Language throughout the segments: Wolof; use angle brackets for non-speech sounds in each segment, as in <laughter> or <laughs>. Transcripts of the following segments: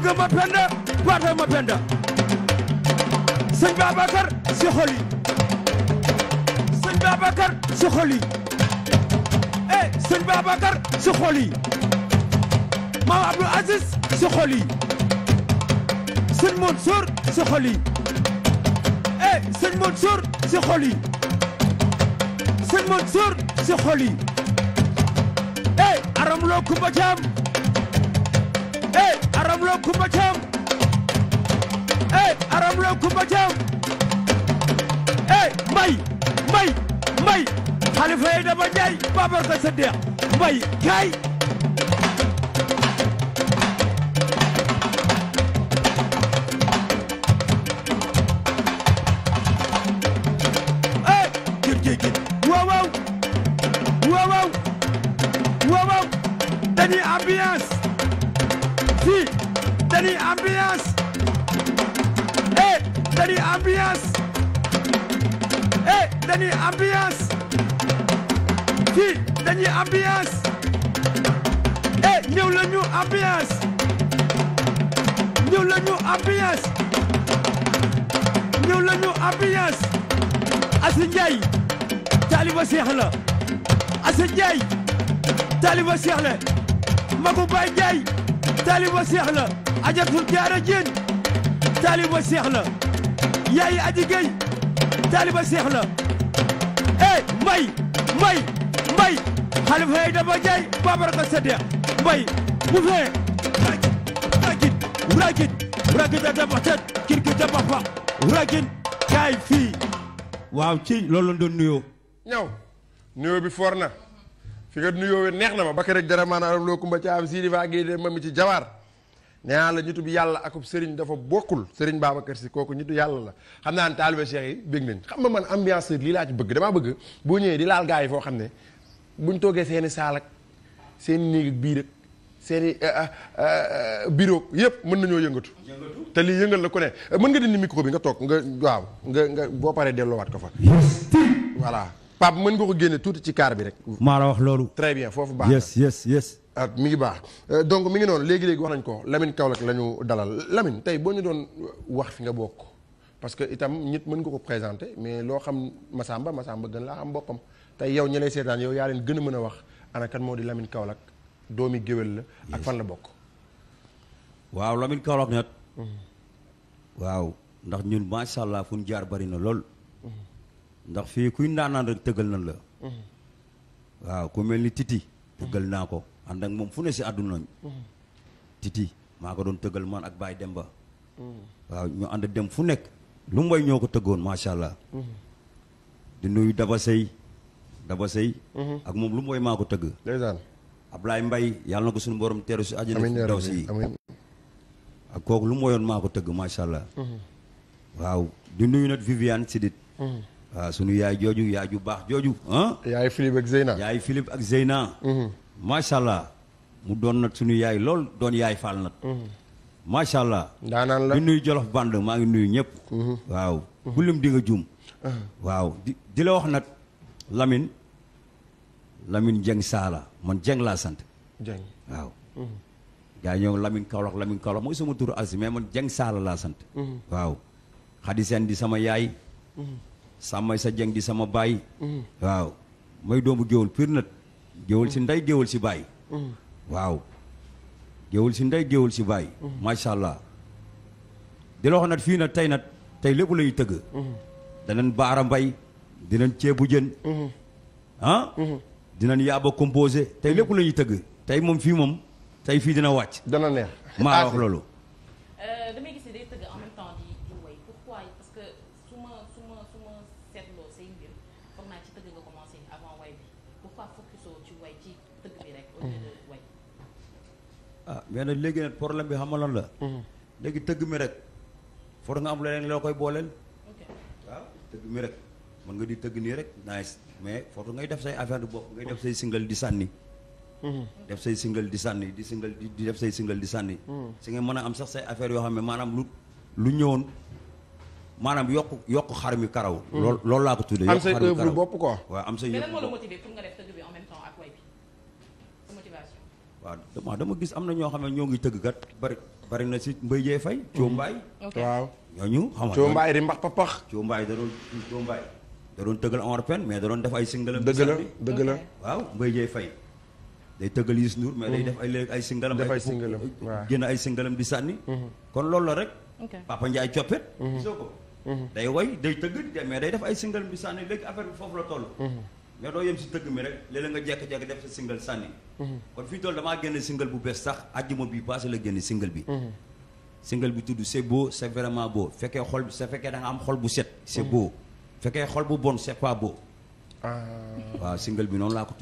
bëgg ma penda waatal ma penda sëñ Babacar si xol yi sëñ Babacar si xol yi eh sëñ Babacar si xol maam Abdou Aziz si xol yi sëñ si xol yi eh sëñ si xol yi eh, aram loo Kumba eh aram loo kumba cam aram loo kumba cam eh mbay mbay mbay dama njaay Babacar Sadikh mbay kaay waaw waaw waaw waaw dañuy ambiance dañuy ambiance eh dañuy ambiance eh dañuy ambiance kii dañuy ambiance eh ñëw la ñu ambiance ñëw la ñu ambiance ñëw la ñu ambiance Asi Ndiaye taaliba Seex la Asi Ndiaye taaliba Seex la Magu Baay Ndiaye taaliba Seex la ajatul jaara jéen taaliba seex la yaayi aji géy taaliba seex la eh mbay mbay mbay xalifa yi dafa jaay babaraka sadeex mbay bu fee ragin ragin ragin ragin a dama kir ki dama fa ragin kaay fii waaw ci loolu doon nuyoo ñaw nuyoo bi foor na fi nga nuyoo neex na ma bakka rek dara maanaam loo kumba ca am siidi faa de ma mi ci jawaar neenaa la ñitub yàlla aku Serigne dafa bokkul Serigne Babacar Sy kooku ñitu yàlla la xam naa ne taalibe Cheikh yi bëgg nañ xam nga man am ambiance lii laa ci bëgg damaa bëgg boo ñëwee di laal gars yi foo xam ne bu buñ toogee seeni saal ak seeni néeg ak biir ak seeni euh, euh, euh, bureau yëpp mën nañoo yëngatu te lii yëngal la ko ne mën nga dindi micro bi nga toog nga waaw nga nga boo paree delloowaat ko fa voilà Pape mën nga ko génne tuuti ci kaar bi rek maa la wax loolu très bien foofu baax yes ak mi ngi baax euh, donc mi ngi noonu léegi-léegi wax nañ ko lamin Kaolack la ñu dalal Lamine tey boo ñu doon wax fi nga bokk parce que itam nit mën nga ko présenter mais loo xam Massamba Massamba gën laa am boppam tey yow ñi lay seetaan yow yaa leen gën mën a wax ana moo di Lamine Kaolack doomi géwél la ak fan la bokk waaw Lamine Kaolack nag mm-hmm. macha allah fu ñu jaar bari na lool mm-hmm. ndax fii kuy ndaanaan rek tëggal nañ la mm-hmm. waaw ku mel ni Titi tëggal naa ko ànd ak moom fu ne si àdduna mm. titi maa ko doon tëggal man ak Baye Demba. Mm. waaw ñu ànd dem fu nekk lu mu ñoo ko tëggoon macha allah. Mm. di nuyu Daba Sey Daba Sey. Mm-hmm. ak moom lu mu way maa ko tëgg. ndeysaan Ablaye Mbaye yàlla na ko suñu borom teeru si àjjana daw si ak kooku lu mu wayoon maa ko tëgg macha allah. Mm-hmm. waaw di nuyu nag Viviane Sidit. Mm-hmm. waaw sunu yaay jooju yaay ju baax jooju ah? yaay Philippe ak Zeyna. macha allah mu doon nag suñu yaay lool doon yaay faal nag. Mm-hmm. macha allah. daanaan nuyu Jolof Band maa ngi nuyu ñëpp. Mm-hmm. waaw bu lim juum. Uh-huh. waaw di di la wax nag lamin Lamine Dieng Saala man Dieng laa sant. Dieng waaw. Mm-hmm. gaa yi ñoo Lamine Kaolack Lamine Kaolack mooy sama turu alsi mais man jeng Saala laa sant. waaw xadi seen di sama yaay. sàmmay sa Dieng di sama baay. waaw mooy doomu géwél pire nag. géwël si ndey géwël si baay. Mm. waaw géwël si ndey géwël si baay. Mm. macha allah di la wax nag fii nag tey nag tey lépp lay tëgg. Mm. danañ baara mbay dinañ ceebu jën. Mm-hmm. ah. Mm-hmm. dinañ yaaba composé tey lépp mm-hmm. la ñuy tëgg. tey moom fii moom tey fii dina wàcc. dana neex maa wax loolu. ah mais nag léegi nag problème bi loolu la. Mhm. léegi tëgg mi rek for nga am leneen loo koy booleel. waaw tëgg mi rek mën nga di tëgg nii rek nice mais foofu ngay def say affaire bopp ngay def say singal di sànni. Mhm. def say single di sànni di single di def say singal di sànni. Mhm. si nga mën a am sax say affaire yoo xam ne maanaam lu lu ñëwoon maanaam yokk yokk xar mi karaw. loolu loolu laa ko tuddee. yokk xar mi karaw am say œuvre bopp quoi. waaw am say œuvre bopp. waaw dama gis am na ñoo xam ne ñoo ngi tëgg kat bari bari na si mbay jee fay coombaay waaw ñooñu xam nga coombaay di mbax papax coombaay da doon coombaay da doon tëggal Omar Pène mais da doon def ay singalam dëgg la la waaw mbay jee fay day tëggal Youssou Ndour mais day mm-hmm. def ay léegi ay singalam def ay singalam génn ay singalam di sànni mm-hmm. kon loolu la rek Papa Ndiaye coppet mm-hmm. gisoo ko day woy day tëgg mais day def ay singalam di sànni léegi affaire bi foofu la toll mais doo yem si tëgg mi rek léeg-léeg nga jekk-jekk def sa single sànni mm-hmm. kon fii tool damaa génne single bu bees sax àjjuma bi passé la génne single bi mm-hmm. single bi tudd c'est beau c'est vraiment beau fekkee xol sa fekkee da nga am xol bu set c'est mm-hmm. beau fekkee xol bu bon c'est pas beau ah. waaw single bi noonu la nga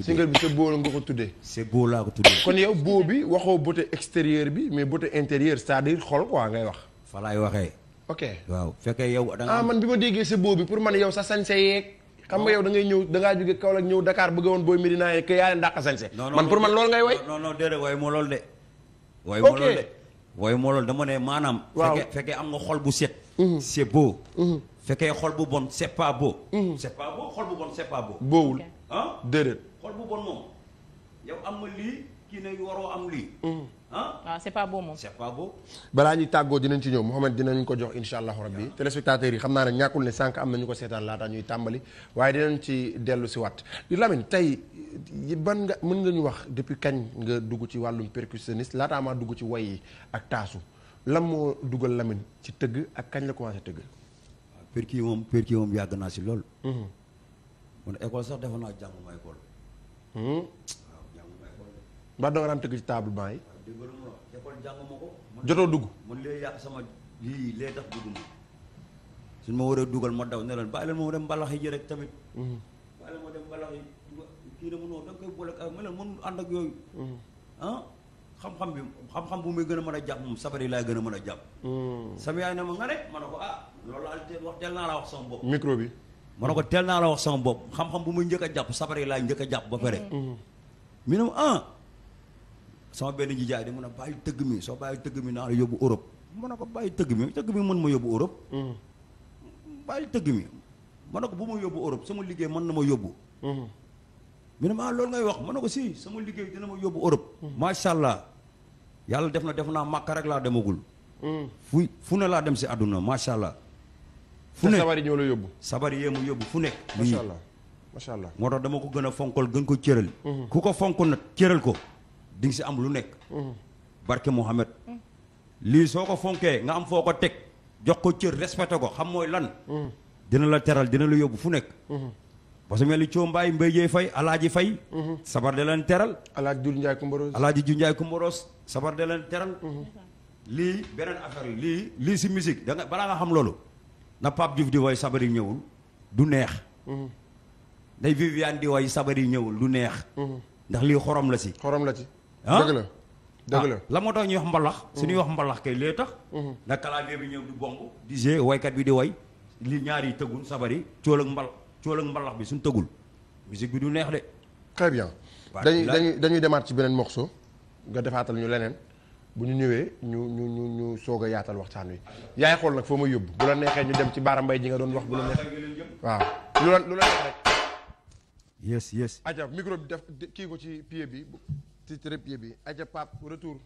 ko tuddee c'est beau laa ko tuddee kon yow beau bi waxoo beauté extérieure bi mais beauté intérieure c'est-à-dire xol quoi ngay wax fa laay waxee ok waaw fekkee yow ah, man bi ma déggee c'est beau bi pour man yow sa sañse yeeg xam nga yow da ñëw dangaa ngaa kaw Kaolack ñëw Dakar bëgg woon booy Médina yi que yaa leen dàq sañse man pour man loolu ngay way non non déedéet way moo loolu de way moo loolu dama ne maanaam fekkee fekkee am nga xol bu set mhm. c'est boo mhm. fekkee xol bu bon c'est boo beau mhm. c'est pas beau xol bu bon c'est déedéet xol bu bon moom yow am nga lii kii ne waroo am lii ah waaw c'est pas beau moom c'est pas beau balaa ñu tàggoo dinañ ci ñëw Mouhamed dinañ ko jox insha allahu rabbi téléspectateurs yi xam naa ne ñàkkul ne sànq am nañu ko seetaan laata ñuy tàmbali waaye dinañ ci dellu si waat Lamine tey ban nga mën nga ñu wax depuis kañ nga dugg ci wàllum percussionniste laataa maa dugg ci way yi ak taasu lan moo dugal lamin ci tëgg ak kañ la commencé tëgg ah, percu moom percu moom yàgg naa si lool mm-hmm. man école sax defa naa jànguma école mm-hmm. waaw jànguma tëgg ci table ban yi dégg nga lu ma wax école ma ko. jotoo dugg man lay yàq sama lii lay tax dugg ma suñ ma waree dugal ma daw ne leen bàyyi leen moo dem mbalax yi rek tamit. Mhm. bàyyi leen moo dem mbalax yi kii na mu noonu da koy boole ak ma leen ànd ak yooyu. Mhm. ah xam-xam bi xam-xam bu muy gën a mën a jàpp moom sabar gën a mën a jàpp. Mhm. sama yaay ne ma nga ne ma ne ko ah loolu laa teel wax teel naa la wax sama bopp. micro bi. ma ne ko teel naa la wax sama bopp xam-xam bu muy njëkk a jàpp sabar yi laay njëkk a jàpp ba pare. mi ne ma ah. sama benn ji jaay di mun a bàyyi tëgg mi soo bàyyi tëgg mi naa la yóbbu Europe mën na ko bàyyi tëgg mi tëgg mi mën ma yóbbu Europe mm-hmm. bàyyi tëgg mi ko bu ma yóbbu Europe sama liggéey man na ma yóbbu mm-hmm. mu ne ma ah loolu ngay wax mën na ko si sama liggéey dina ma yóbbu Europe mm-hmm. macha allah yàlla def na def naa màkka rek laa demagul fu fu ne laa dem si àdduna macha allah fu nekk sabar yi ñoo la yóbbu sabar yee mu yóbbu fu ne macha allah macha allah moo tax dama ko gën a fonkal gën ko cëral ku ko fonk nag cëral ko dinga si am lu nekk. barke Mouhamed. lii soo ko fonkee nga am foo ko teg jox ko cër respecté ko xam mooy lan. dina la teral dina la yóbbu fu nekk. parce que mel ni Thio Mbaye Mbaye Dieye Faye Alaaji Faye. sabar da teral. Alaaji Doudou Ndiaye Kumboros. Alaaji Doudou Ndiaye Kumboros sabar da leen teral. lii beneen affaire lii lii si musique da balaa nga xam loolu na Pape Diouf di woy sabar yi ñëwul neex. nday Viviane di woy sabar yi ñëwul du neex. Mm-hmm. ndax lii xorom la si. xorom la si. dëgg la dëgg la ah, la moo tax ñuy wax mbalax mm. suñuy wax mbalax kay lee tax mm-hmm. ndax clavier bi ñëw di bong di jee waykat bi di woy li ñaari yi tëggul sabar yi cool ak mbal mbalax bi suñu tëggul musique bi du neex de très bien dañuy dañuy dañuy demaat ci beneen morceau nga defaatal ñu leneen bu ñu ñëwee ñu ñu ñu ñu soog a yaatal waxtaan wi yaay xool nag foo ma yóbbu bu la neexee ñu dem ci baara mbay ji nga doon wax bu la neex waaw lu la lu la neex rek micro def kii ci pied bi titre pied bi aja pap retour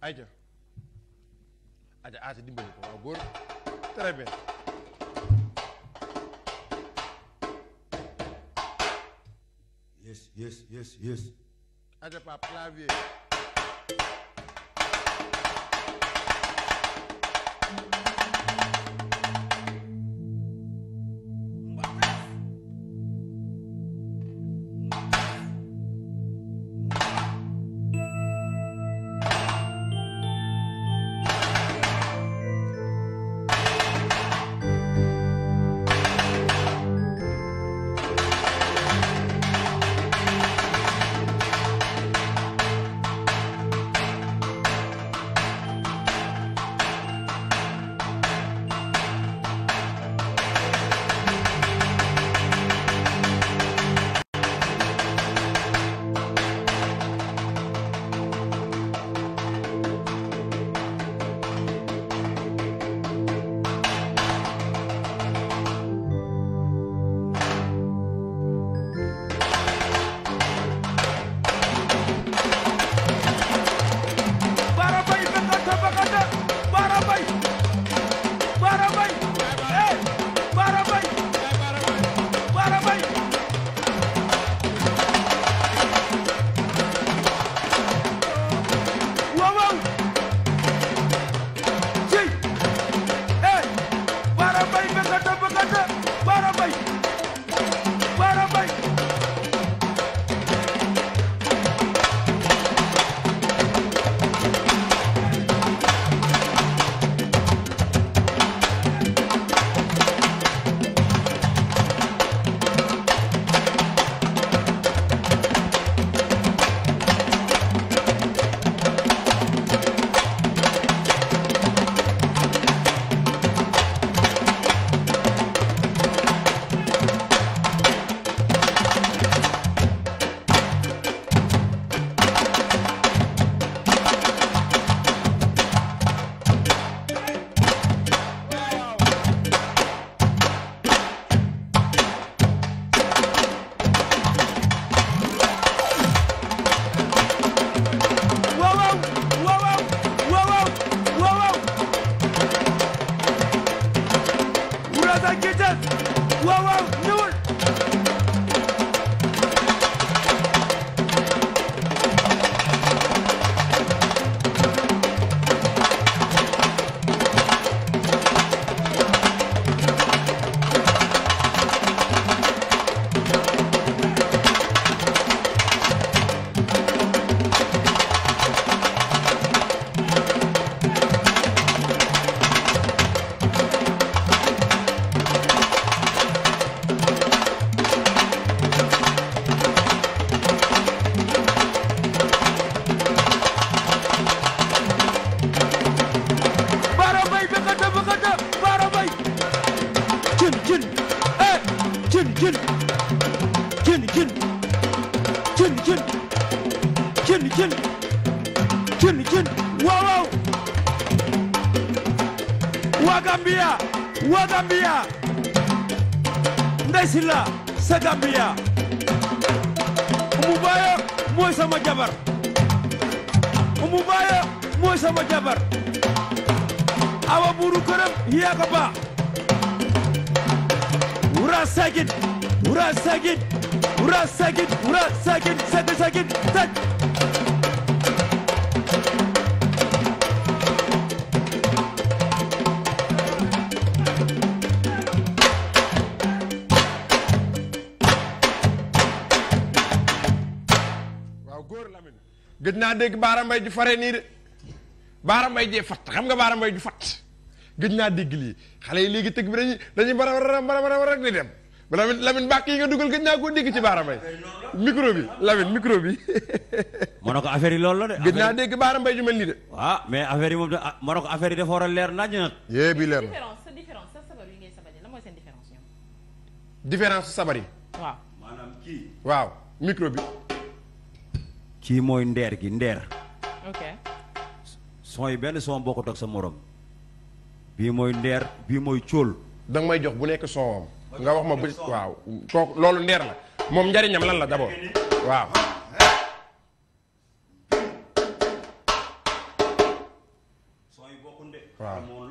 aja aja aata dimbali ko waaw góor très bien yes yes yes yes aja pap clavier Silla Gambia Ndey Silla sa Gambia Oumou Bayo mooy sama jabar Oumou Bayo mooy sama jabar Awa Buuru Këram yaa ko baax Wura Sagit Wura Sagit Wura Sagit Wura Sagit Sagit Sagit Sagit gëj naa dégg baara mbay ju fare nii de baara mbay jee fatt xam nga baara mbay ju fatt gëj naa dégg lii xale yi léegi tëgg bi dañuy dañuy bara bara rek di dem lamin lamin bàkk yi nga dugal gëj naa koo dégg ci baara mbay micro bi lamin micro bi <laughs> moo ne ko affaire yi loolu la de gëj naa dégg baara mbay ju mel nii de waaw ah, mais affaire yi moom de ah, moo ne ko affaire yi dafa war a leer naaj nag yée bi leer différence sabar yi waaw maanaam kii waaw micro bi kii mooy ndeer gi ndeer ok yi benn son bokkut ak sa morom bii mooy ndeer bii mooy cóol danga may jox bu nekk soowam nga wax ma bu waaw kooku loolu ndeer la moom njariñam lan la d'abord waaw waaw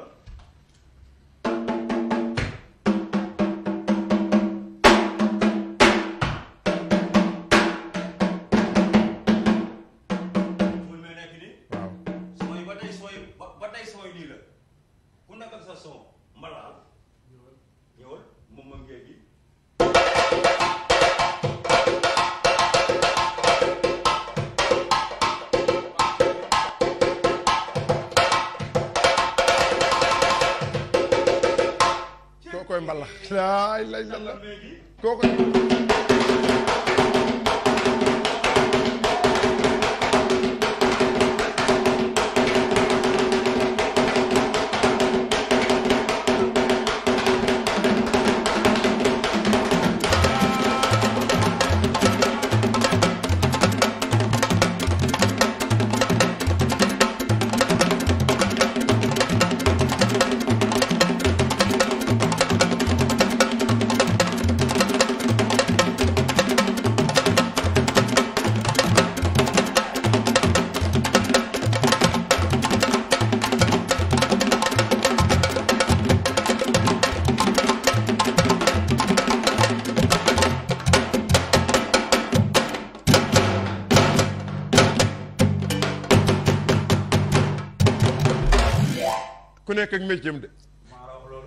nekk ak métier de.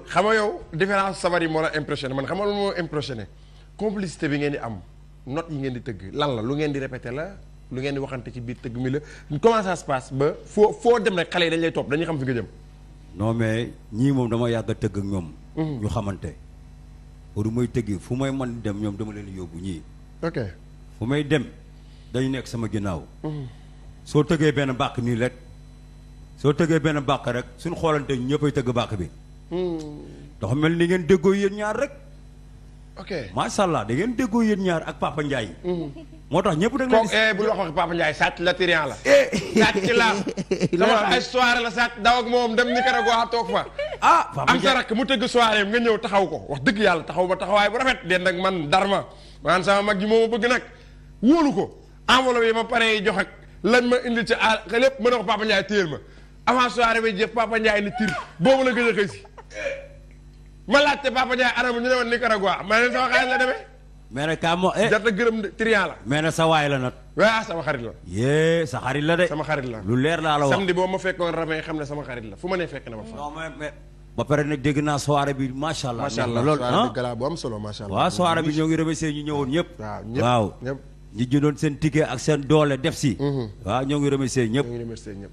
xam nga yow différence sabar yi moo la impressionné man xam nga lu moo impressionné complicité bi ngeen di am not yi ngeen di tëgg lan la lu ngeen di répété la lu ngeen di waxante ci biir tëgg mi la comment ça se passe ba foo foo dem rek xale yi dañ lay topp dañu xam fi nga jëm. non mais ñii moom dama yàgg tëgg ak ñoom. Mhm. ñu xamante. du may tëggi fu may man dem ñoom dama leen yóbbu ñii. ok fu may dem dañu nekk sama ginnaaw. Mhm. soo tëggee benn bàq nii rek. soo tëggee benn bàq rek suñu xoolante ñëppay tëgg bàq bi. Hmm. dafa mel ni ngeen déggoo yéen ñaar rek. ok macha allah da ngeen déggoo yéen ñaar ak Papa Ndiaye. Hmm. moo tax ñëpp da ngeen bu ñu wax Papa la trian la. Eh. la <laughs> sama histoire la sàcc daw ak moom dem Nicaragua toog fa. ah Papa Ndiaye am sa rakk mu tëgg soirée nga ñëw taxaw ko wax dëgg yàlla taxaw ba taxawaay bu rafet den nag man darma man sama mag ji moo ma bëgg nag wóolu ko enveloppe yi ma paree jox ak lan ma indi ci a lépp mën a wax Papa Ndiaye téyel ma. avant soirée bi jëf Papa Ndiaye ni tir boobu la gën a xëy si ma laajte Papa Ndiaye anam ñu ne woon Nicaragua ma ne sama xaalis la demee. mais nag kaa eh. a la. mais nag sa waay la nag. waaw ah, sama xarit la. yee sa xarit la de. la lu leer laa la wax samedi boo ma xam ne sama xarit la fu ma nee fekk na ma fa. non naa soirée macha allah. macha allah loolu ah soirée bi ah. gala bu am solo macha allah. waaw ñoo ngi remercier ñu ñëwoon ñëpp. waaw ñi jëndoon seen ticket ak seen doole def si. Mhm. waaw ñoo ngi remercier ñëpp.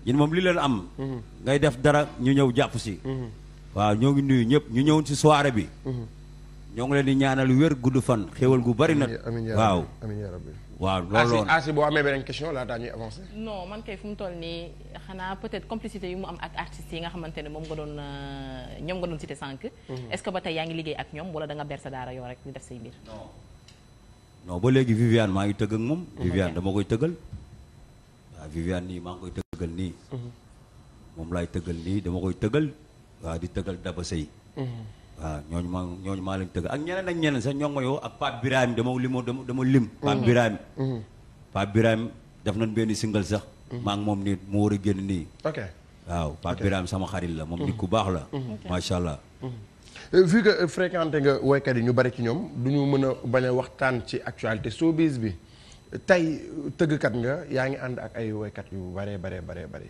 ñun moom li leen am. Mhm. ngay def dara ñu ñëw jàpp si. Mhm. waaw ñoo ngi nuyu ñëpp ñu ñëwoon si soirée bi. ñoo ngi leen di ñaanal wér gudd fan xéwal gu bari nag. waaw amiin yaa rabbi waaw looloo asi asi boo amee beneen question laataa ñuy avancé. non man kay fu mu toll nii xanaa peut-être complicité yu mu am ak artistes yi nga xamante ne moom nga doon euh, ñoom nga doon cité sànq. est-ce que ba tey yaa ngi liggéey ak ñoom wala da nga daara yoo rek di def non ba léegi Viviane maa ngi tëgg ak moom. Viviane dama koy tëggal. waaw Viviane nii maa ngi koy tëggal nii. Mhm. moom laay tëggal nii dama koy tëggal waaw di tëggal Daba say mhm. waaw ñooñ ma ñooñu maa leen tëgg ak ñeneen ak ñeneen sax ñoom ma yow ak Pape Birame dama limo dama lim. Mhm. Pape Birame. Pape Birame def nañ benn single sax. maa ngi moom nii mu war a génn nii. ok waaw Pape Birame sama xarit la moom nit ku baax la. macha allah. Euh, vu que fréquenté nga woykat yi ñu bari ci ñoom duñu mën a bañ a waxtaan ci actualité sobise bi tey tëggkat nga yaa ngi ànd ak ay woykat yu baree baree baree bari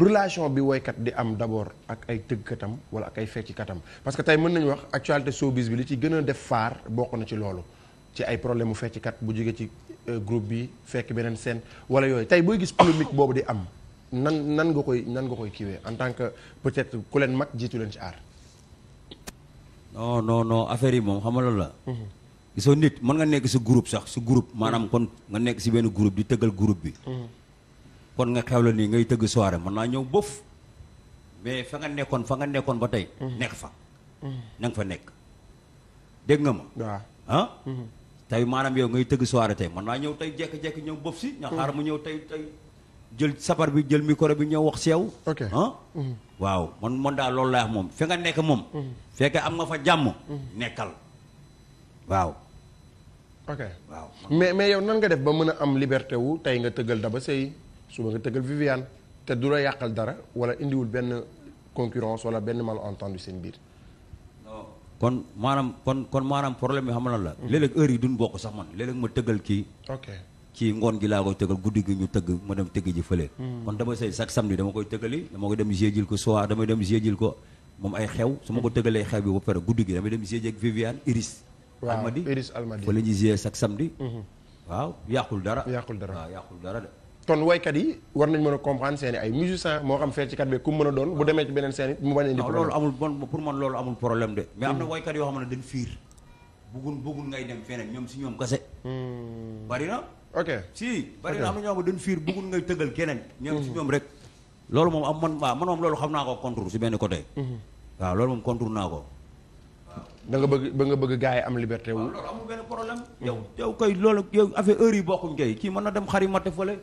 relation bi woykat di am d'abord ak ay tëggkatam wala ak ay feccikatam parce que tey mën nañu wax actualité sobise bi li ci gën a def faar bokk na ci loolu ci ay problème mu fecckat bu jóge ci euh, groupe bi fekk beneen scène wala yooyu tey booy gis polémique boobu di am nan nan nga koy nan nga koy kiiwee en tant que peut-être ku leen mag jiitu leen ci aar non non non affaire yi moom xamalal la. Mhm. gisoo nit mën nga nekk si group sax si groupe mhm. maanaam kon nga nekk si benn groupe di tëggal groupe bi. Mhm. kon nga xew la nii ngay tëgg soirée mën naa ñëw bof mais fa nga nekkoon fa nga nekkoon ba tey. nekk fa. na fa nekk. dégg nga ma. waaw ah. tey maanaam yow ngay tëgg soirée tey mën naa ñëw tey jékki-jékki ñëw bof si. nga mu ñëw tey tey. jël sabar bi jël micro bi ñëw wax seew yow. waaw man man daa loolu laa wax moom fi nga nekk moom. Mm. fekk am nga fa jàmm. Mm. nekkal waaw. ok waaw mais mais yow nan nga def ba mën a am liberté wu tey nga tëggal Daba Seye suba nga tëggal Viviane te du la yàqal dara wala indiwul benn concurrence wala benn malentendu seen biir. non kon maanaam kon kon maanaam problème bi xam na la. Mm. léeg-léeg yi duñ bokk sax man léeg ma tëggal kii. ci ngoon gi laa koy tëggal guddi gi ñu tëgg ma dem tëgg ji fële. Hmm. kon dama say chaque dama koy tëggali dama koy dem jégil ko soir damay dem jégil ko moom ay xew su ma ko hmm. tëggalee xew bi ba pare guddi gi damay dem jégil ak Viviane Iris. waaw Iris Almadi fële ñu jégil chaque samedi. Hmm. waaw yàqul dara. yàqul dara de. kon waykat yi war nañ mën a comprendre seen ay musiciens moo xam fecc ci kat bi ku mu mën a doon bu demee ci beneen seen mu bañ a indi ne si ñoom kase. ok si bari na am na ñoo xam ne dañ fiir bëggul ngay tëggal keneen ñoom mm-hmm. si ñoom rek loolu moom am man waaw man moom loolu xam naa ko contour si benn côté mm-hmm. waaw loolu moom contour naa ko da nga bëgg ba nga bëgg gars yi am liberté wu loolu amul benn problème yow yow koy loolu yow affaire heure yi bokkuñ koy kii mën na dem xari matte fële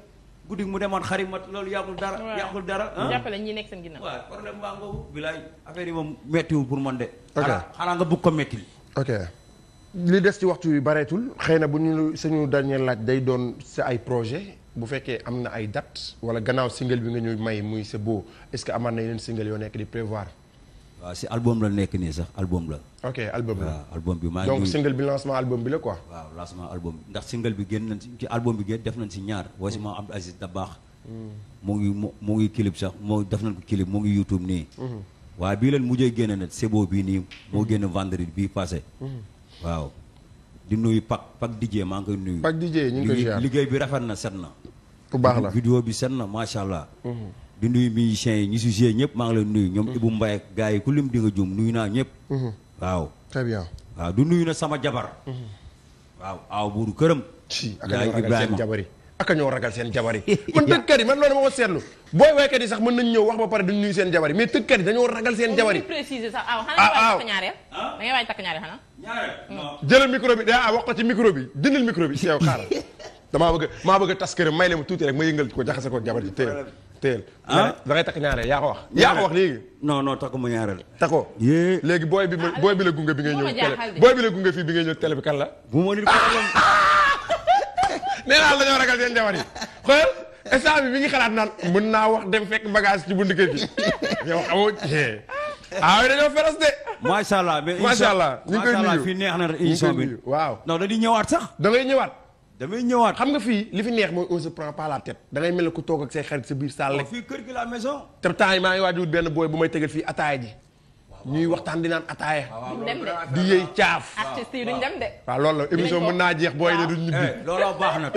guddi mu demoon xari mat loolu yàqul dara yàqul dara ah? jàppale ñi nekk seen ginnaaw waaw problème baa ngoobu bilaay affaire yi moom méttiwul pour man de xanaa nga bëgg li des ci waxtu yu bareetul xëy na bu ñu suñu dernier laaj day doon sa ay projet bu fekkee am na ay dat wala gannaaw single bi nga ñu may muy c'est beau est-ce que amaat na yeneen single yoo nekk di prévoir. waaw si album la nekk nii sax album la. ok album la waaw album bi maa ngi. donc single bi lancement album bi la ko waaw lancement album bi ndax single bi génn na ci album bi génn def nañ si ñaar. waaye si ma Abdou Aziz Dabakh. Hmm. mu ngi mu ngi clip sax moo def nañ ko clip mu ngi YouTube nii. Hmm. waaye bii leen mujjee génne na c'est bii nii. moo hmm. génn vendredi bii passé. waaw di nuyu Pak Pak Dijé maa ngi koy nuyu. Pak Dijé liggéey bi rafet na set na. bu baax la vidéo bi set na macha allah. Mhm. di nuyu musiciens yi ñu si joué ñëpp maa ngi leen nuyu. ñoom mhm. Ibou Mbaye ak ku lim di nga juum nuyu naa ñëpp. Mhm. waaw. très bien du nuyu na sama jabar. waaw aw buuru këram. si ak jabar yi aka ñoo ragal seen jabar yi man <laughs> tëggkat yi man loolu ma ko booy waykat yi sax mën ñëw wax ba pare duñ nuyu seen jabar yi mais tëggkat yi dañoo ragal seen jabar yi aw ah, ah, ah. da ngay waaj hmm. jëlal micro bi daa wax ko ci micro bi dindil micro bi seew xaaral <laughs> damaa bëgg maa bëgg a tas këram may leen tuuti rek ma yëngal ko jaxase ko jabar ji téyel téyel da ngay takk ñaareel yaa ko wax yaa ko wax léegi non non takku ma ñaareel takkoo léegi booy bi booy bi la gunge bi ngay ñëw booy bi la gunge fii bi ngay ñëw télé bi kan la <laughs> nee naa la dañoo ragal seen jabar yi xool instant bi mi ngi xalaat naan mën naa wax dem fekk bagage ci bunt kër gi yow xamoo ah oui dañoo feres de. macha allah mais macha allah ñu ngi koy nuyu fii neex na émission bi waaw. non di ñëwaat sax. da ngay ñëwaat. damay ñëwaat xam nga fii li fi neex mooy on se prend pas la da ngay mel ne ku toog ak say xarit sa biir salle. fii kër gi la maison. te temps yi maa ngi waaj wut benn booy bu may tegal fii ataaya ji. ñuy waxtaan di naan ataaya. Ah, di yëy caaf. Ah, artistes yi duñ dem de. waaw loolu la émission mën naa jeex booy ne duñ ñibbi. Eh, looloo baax na. <laughs>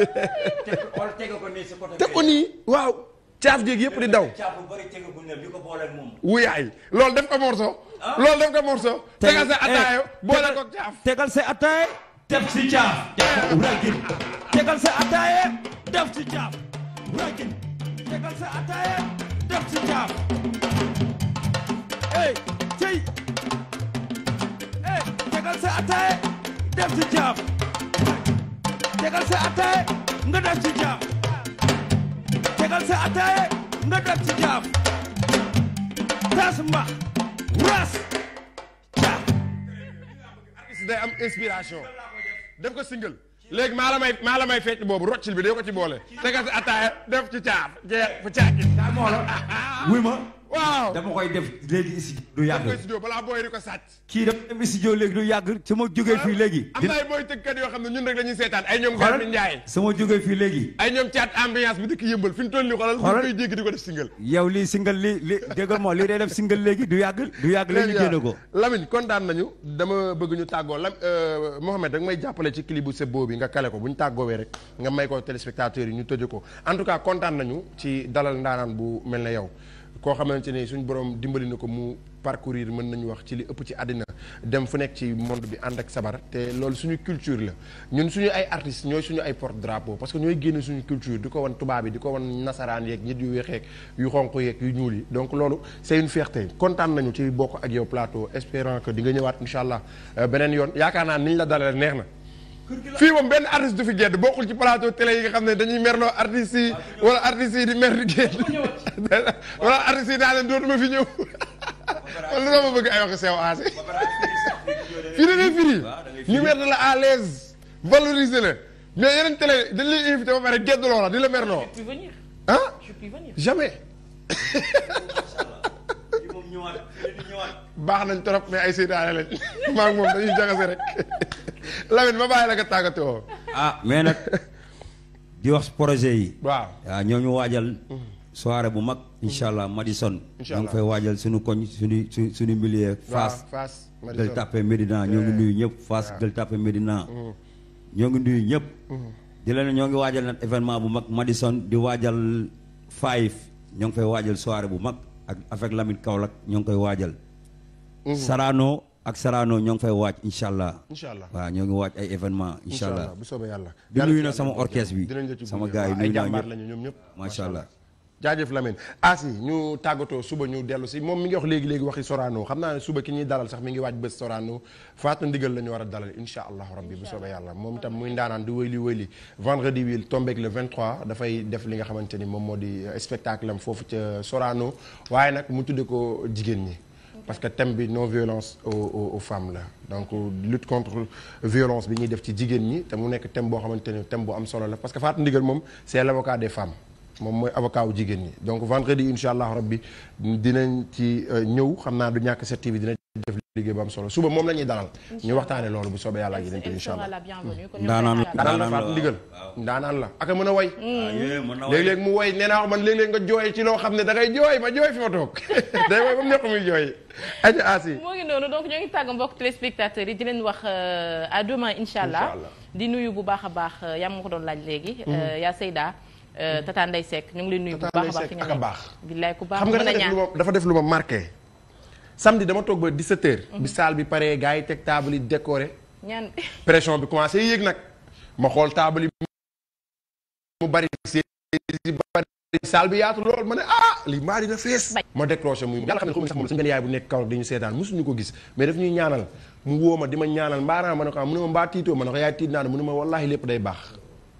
teg ko nii waaw. caaf géeg yëpp di daw. wuyaay loolu def ko morso. Ah? loolu def ko morso. tegal sa eh, ataayo boole tegal sa ataaye def si caaf. tegal si ataaye def si caaf. cey eh tegal sa ataaya def ci jaam tegal sa ataaya nga nga def ci jaam tas mbax ras ca def ko single léegi maa la may maa la may boobu roccil bi dee ko ci boole tegal sa ataaya def ci caaf jeex fu caaki moolo wuy waaw dama koy def léegi studio du yàgg. studio balaa booy di ko sàcc. kii dama dem studio léegi du yàgg su ma jógee fii léegi. am na ay booy tëggkat yoo xam ne ñun rek la ñuy seetaan ay ñoom. xoolal Ndiaye su ma jógee fii léegi. ay ñoom caat ambiance bi dëkk yëmbal fi ñu toll ni xoolal. xoolal koy jéggi di ko def single. yow lii single lii lii déggal moo lii day def single léegi du yàgg. du yàgg ñu ko. Lamine kontaan nañu dama bëgg ñu tàggoo Lam euh, Mohamed rek may jàppale ci clip bu Sebo bi nga kale ko bu ñu tàggoowee rek nga may ko téléspectateurs yi ñu tëjee ko en tout cas kontaan nañu ci dalal ndaanaan bu mel na yow koo xamante ni suñ borom dimbali na ko mu parcourir mën nañu wax ci li ëpp ci àddina dem fu nekk ci monde bi ànd ak sabar te loolu suñu culture la ñun suñu ay artistes ñooy suñu ay porte drapeau parce que ñooy génne suñu culture di ko wan tubaab yi di ko wan nasaraan yeeg nit yu weexeek yu xonq yeeg yu ñuul yi donc loolu c'est une kontaan nañu ci bokk ak yow plateau espérant que di nga ñëwaat incha allah euh, beneen yoon yaakaar naa niñ la dalal neex na fii moom benn artiste du fi gedd bokkul ci plateau télé yi nga xam ne dañuy merloo artistes yi wala artistes di mer di gedd wala artistes yi naa fi ñëw wala dama bëgg ay sew aasi fii ah, da ngay firi ñu mer la à l'aise valoriser la mais yeneen télé dañ lay invité ba pare gedd loola di la merloo ah baax nañ trop mais ay seytaane lañ <laughs> maa ngi moom dañuy jaxase rek <laughs> Lamine ma bàyyi la nga tàggatoo. ah mais nag di wax projet yi. waa ah, ñoo ñu waajal. soirée bu mag incha allah Madison. incha allah ñu waajal suñu koñ suñu suñu suñu milieu. Fass Fass Madison Médina ñoo ngi nuyu ñëpp Fass Gueule Tapée Médina. ñoo ngi nuyu ñëpp. Mm-hmm. Mm-hmm. di ne ñoo ngi waajal nag événement bu mag Madison di waajal Five ñoo ngi fay waajal soirée bu mag ak avec Lamine Kaolack ñoo ngi koy waajal. Mhm. Sarano ak Sarano ñoo ngi fay waaj incha allah. incha allah waaw ñoo ngi waaj ay événement incha allah bu soobee yàlla. di nuyu na sama orchestre bi sama gars yi nuyu naa ñëpp macha allah. jaajëf Lamine Asi ñu tàggatoo suba ñu dellu si moom mi ngi wax léegi léegi waxi Sorano xam naa ne suba ki ñuy dalal sax mi ngi waaj bés Sorano faatu ndigal la ñu war a dalal incha allah rabbi bu soobee yàlla moom itam muy ndaanaan di wëyli wëyli vendredi wi tombeeg le 23 dafay def li nga xamante ni moom moo di spectacle am foofu ca Sorano waaye nag mu tudde ko jigéen ñi. parce que thème bi no violence aux aux femmes la donc lutte contre violence bi ñuy def ci jigéen ñi te mu nekk thème boo xamante ni thème bu am solo la parce que Fatou Ndigal moom c'est l'avocat des femmes moom mooy avocat wu jigéen ñi donc vendredi incha allah rabbi dinañ ci euh, ñëw xam naa du ñàkk 7TV dina. def liggéey bu am solo suba moom la ñuy dalal ñu waxtaane loolu bu soobee yàlla ak yéen ko incha allah ndaanaan la faat ndigal ndaanaan la ak a mën a way mm. ah, léeg-léeg mu way nee naa man léeg nga jooy ci loo xam ne da ngay jooy ma jooy fi ma toog <laughs> day way ba mu nekk muy jooy aja aasi moo ngi noonu donc ñoo ngi tàgg mbokk téléspectateurs yi di leen wax euh, à demain incha allah di nuyu bu baax a baax euh, yaa ma ko doon laaj léegi mm. euh, yaa Seyda Tata Ndeye Seck ñu ngi leen nuyu bu baax a baax baax billaay ku baax nga dafa def lu ma samedi dama toog ba 17h. Mhm. bi salle bi paree gars yi teg table yi décoré. ñaan pression bi commencé yéeg nag ma xool table yi mu bari séeréer bari salle bi yaatu lool ma ne ah li maa dina fees. ma décroché muy yàlla xam ne xaw ma sax moom yaay bu nekk kaw dañu seetaan mosuñu ko gis mais daf ñuy ñaanal mu woo ma di ma ñaanal mbaaraan ma ne ko ah mu ne ma mbaa tiitoo ma ne yaay tiit naa ne mu ne ma wallaahi lépp day baax.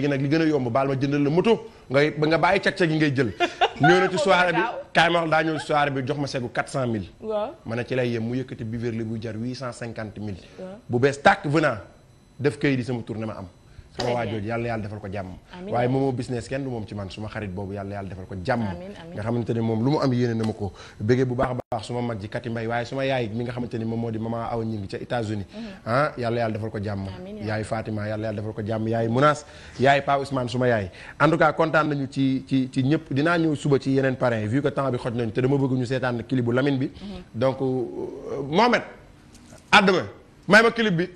léegi nag li gën a yomb baal ma jëndal la moto ngay nga bàyyi cag-cag yi ngay jël <laughs> ñëw na ci bi kaay ma wax daa ñëw ci bi jox ma segu 400000 waaw ma ne ci lay yem mu yëkkati bi verle buy jar 850000 bu bees tàkk venant def kayit di sama tournée ma am sama waajooju yàlla yàlla defal ko jàmm waaye moomoo business kenn du moom ci man suma xarit boobu yàlla yàlla defal ko jàmm nga xamante ne moom lu mu am yéene na ma ko bégee bu baax a baax suma mag ji kati mbay waaye suma yaay mi nga xamante ni ko jàmm yaay Fatima yàlla yàlla defal ko jàmm yaay Mounas yaay Pa Ousmane suma yaay en tout cas kontaan nañu ci ci ci mm-hmm. euh, may ma clip bi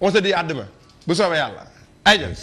on se dit à bu soobee yàlla aywa